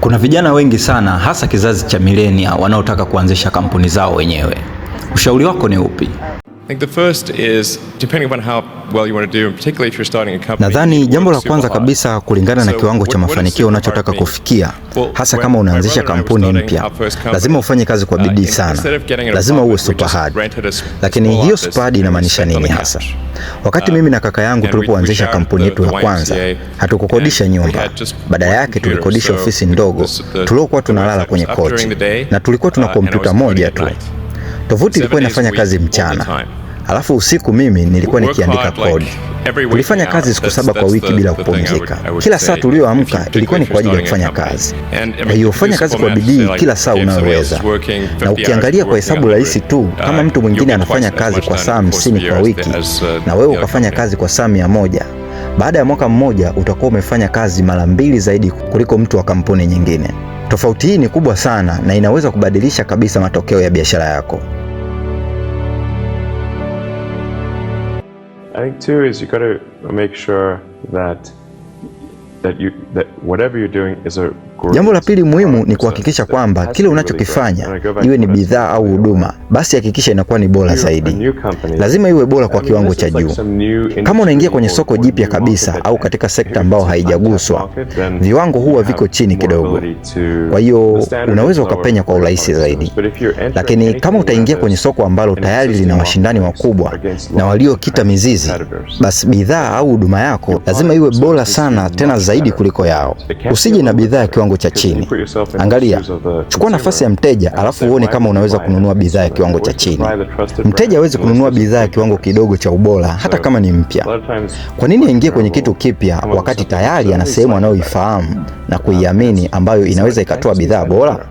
Kuna vijana wengi sana hasa kizazi cha milenia wanaotaka kuanzisha kampuni zao wenyewe. Ushauri wako ni upi? Nadhani jambo la kwanza kabisa, kulingana na kiwango cha mafanikio unachotaka kufikia, hasa kama unaanzisha kampuni mpya, lazima ufanye kazi kwa uh, bidii sana, lazima uwe super hard. Lakini hiyo super hard inamaanisha nini hasa? Wakati mimi na kaka yangu tulipoanzisha kampuni yetu ya kwanza, hatukukodisha nyumba, badala yake tulikodisha ofisi ndogo tuliokuwa tunalala kwenye kochi, na tulikuwa tuna uh, kompyuta moja tu. Tovuti ilikuwa inafanya kazi mchana Alafu usiku mimi nilikuwa nikiandika kodi. Tulifanya kazi siku saba kwa wiki bila kupumzika. Kila saa tuliyoamka ilikuwa ni kwa ajili ya kufanya kazi. Kwa hiyo fanya kazi kwa bidii kila saa unayoweza, na ukiangalia kwa hesabu rahisi tu, kama mtu mwingine anafanya kazi kwa saa hamsini kwa wiki na wewe ukafanya kazi kwa saa mia moja baada ya mwaka mmoja utakuwa umefanya kazi mara mbili zaidi kuliko mtu wa kampuni nyingine. Tofauti hii ni kubwa sana na inaweza kubadilisha kabisa matokeo ya biashara yako. I think too is you got to make sure that that you that whatever you're doing is a Jambo la pili muhimu ni kuhakikisha kwamba kile unachokifanya, iwe ni bidhaa au huduma, basi hakikisha inakuwa ni bora zaidi. Lazima iwe bora kwa kiwango cha juu. Kama unaingia kwenye soko jipya kabisa au katika sekta ambayo haijaguswa, viwango huwa viko chini kidogo, kwa hiyo unaweza ukapenya kwa urahisi zaidi. Lakini kama utaingia kwenye soko ambalo tayari lina washindani wakubwa na waliokita mizizi, basi bidhaa au huduma yako lazima iwe bora sana, tena zaidi kuliko yao. Usije na bidhaa ya kiwango cha chini. Angalia, chukua nafasi ya mteja alafu uone kama unaweza kununua bidhaa ya kiwango cha chini. Mteja hawezi kununua bidhaa ya kiwango kidogo cha ubora, hata kama ni mpya. Kwa nini aingie kwenye kitu kipya wakati tayari ana sehemu anayoifahamu na kuiamini ambayo inaweza ikatoa bidhaa bora?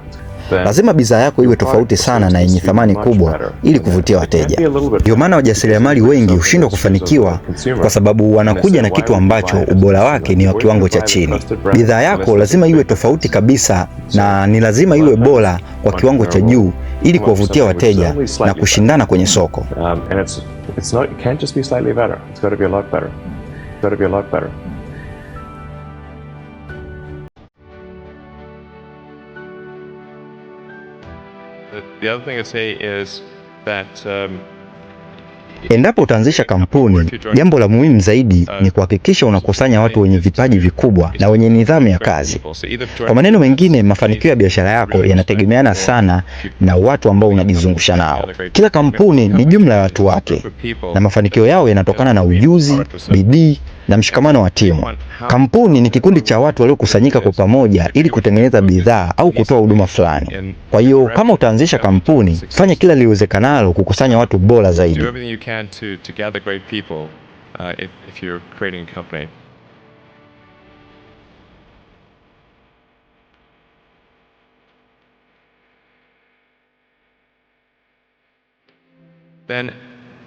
Lazima bidhaa yako iwe tofauti sana na yenye thamani kubwa ili kuvutia wateja. Ndio maana wajasiriamali wengi hushindwa kufanikiwa kwa sababu wanakuja na kitu ambacho ubora wake ni wa kiwango cha chini. Bidhaa yako lazima iwe tofauti kabisa na ni lazima iwe bora kwa kiwango cha juu ili kuwavutia wateja na kushindana kwenye soko. Um, the, other thing I'd say is that um, Endapo utaanzisha kampuni, jambo la muhimu zaidi ni kuhakikisha unakusanya watu wenye vipaji vikubwa na wenye nidhamu ya kazi. Kwa maneno mengine, mafanikio ya biashara yako yanategemeana sana na watu ambao unajizungusha nao. Kila kampuni ni jumla ya watu wake, na mafanikio yao yanatokana na ujuzi, bidii na mshikamano wa timu. Kampuni ni kikundi cha watu waliokusanyika kwa pamoja ili kutengeneza bidhaa au kutoa huduma fulani. Kwa hiyo, kama utaanzisha kampuni, fanya kila liwezekanalo kukusanya watu bora zaidi can to, to gather great people uh, if, if you're creating a company. Then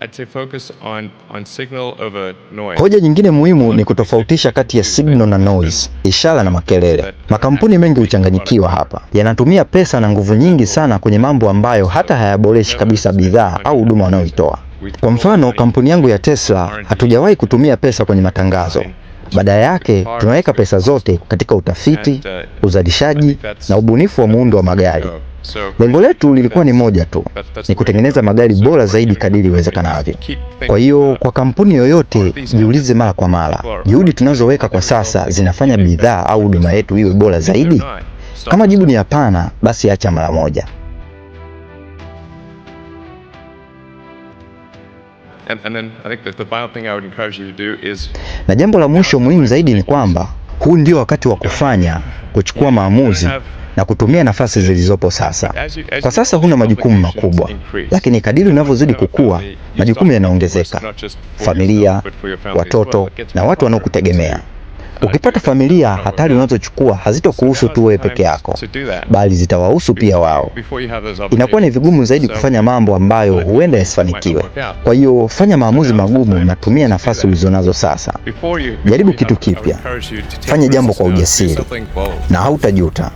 I'd say focus on, on signal over noise. Hoja nyingine muhimu ni kutofautisha kati ya signal na noise, ishara na makelele. Makampuni mengi huchanganyikiwa hapa, yanatumia pesa na nguvu nyingi sana kwenye mambo ambayo hata hayaboreshi kabisa bidhaa au huduma wanayoitoa. Kwa mfano kampuni yangu ya Tesla hatujawahi kutumia pesa kwenye matangazo. Badala yake tunaweka pesa zote katika utafiti, uh, uzalishaji na ubunifu wa muundo wa magari. Lengo letu lilikuwa ni moja tu, ni kutengeneza magari bora zaidi kadiri iwezekanavyo. Kwa hiyo uh, kwa kampuni yoyote, jiulize mara kwa mara, juhudi tunazoweka kwa sasa zinafanya bidhaa au huduma yetu iwe bora zaidi? Kama jibu ni hapana, basi acha mara moja. Na jambo la mwisho muhimu zaidi ni kwamba huu ndio wakati wa kufanya, kuchukua maamuzi na kutumia nafasi zilizopo sasa. Kwa sasa huna majukumu makubwa, lakini kadiri unavyozidi kukua, majukumu yanaongezeka: familia, watoto na watu wanaokutegemea. Ukipata familia, hatari unazochukua hazitokuhusu tu wewe peke yako, bali zitawahusu pia wao. Inakuwa ni vigumu zaidi kufanya mambo ambayo huenda yasifanikiwe. Kwa hiyo fanya maamuzi magumu na tumia nafasi ulizonazo sasa. Jaribu kitu kipya, fanya jambo kwa ujasiri na hautajuta.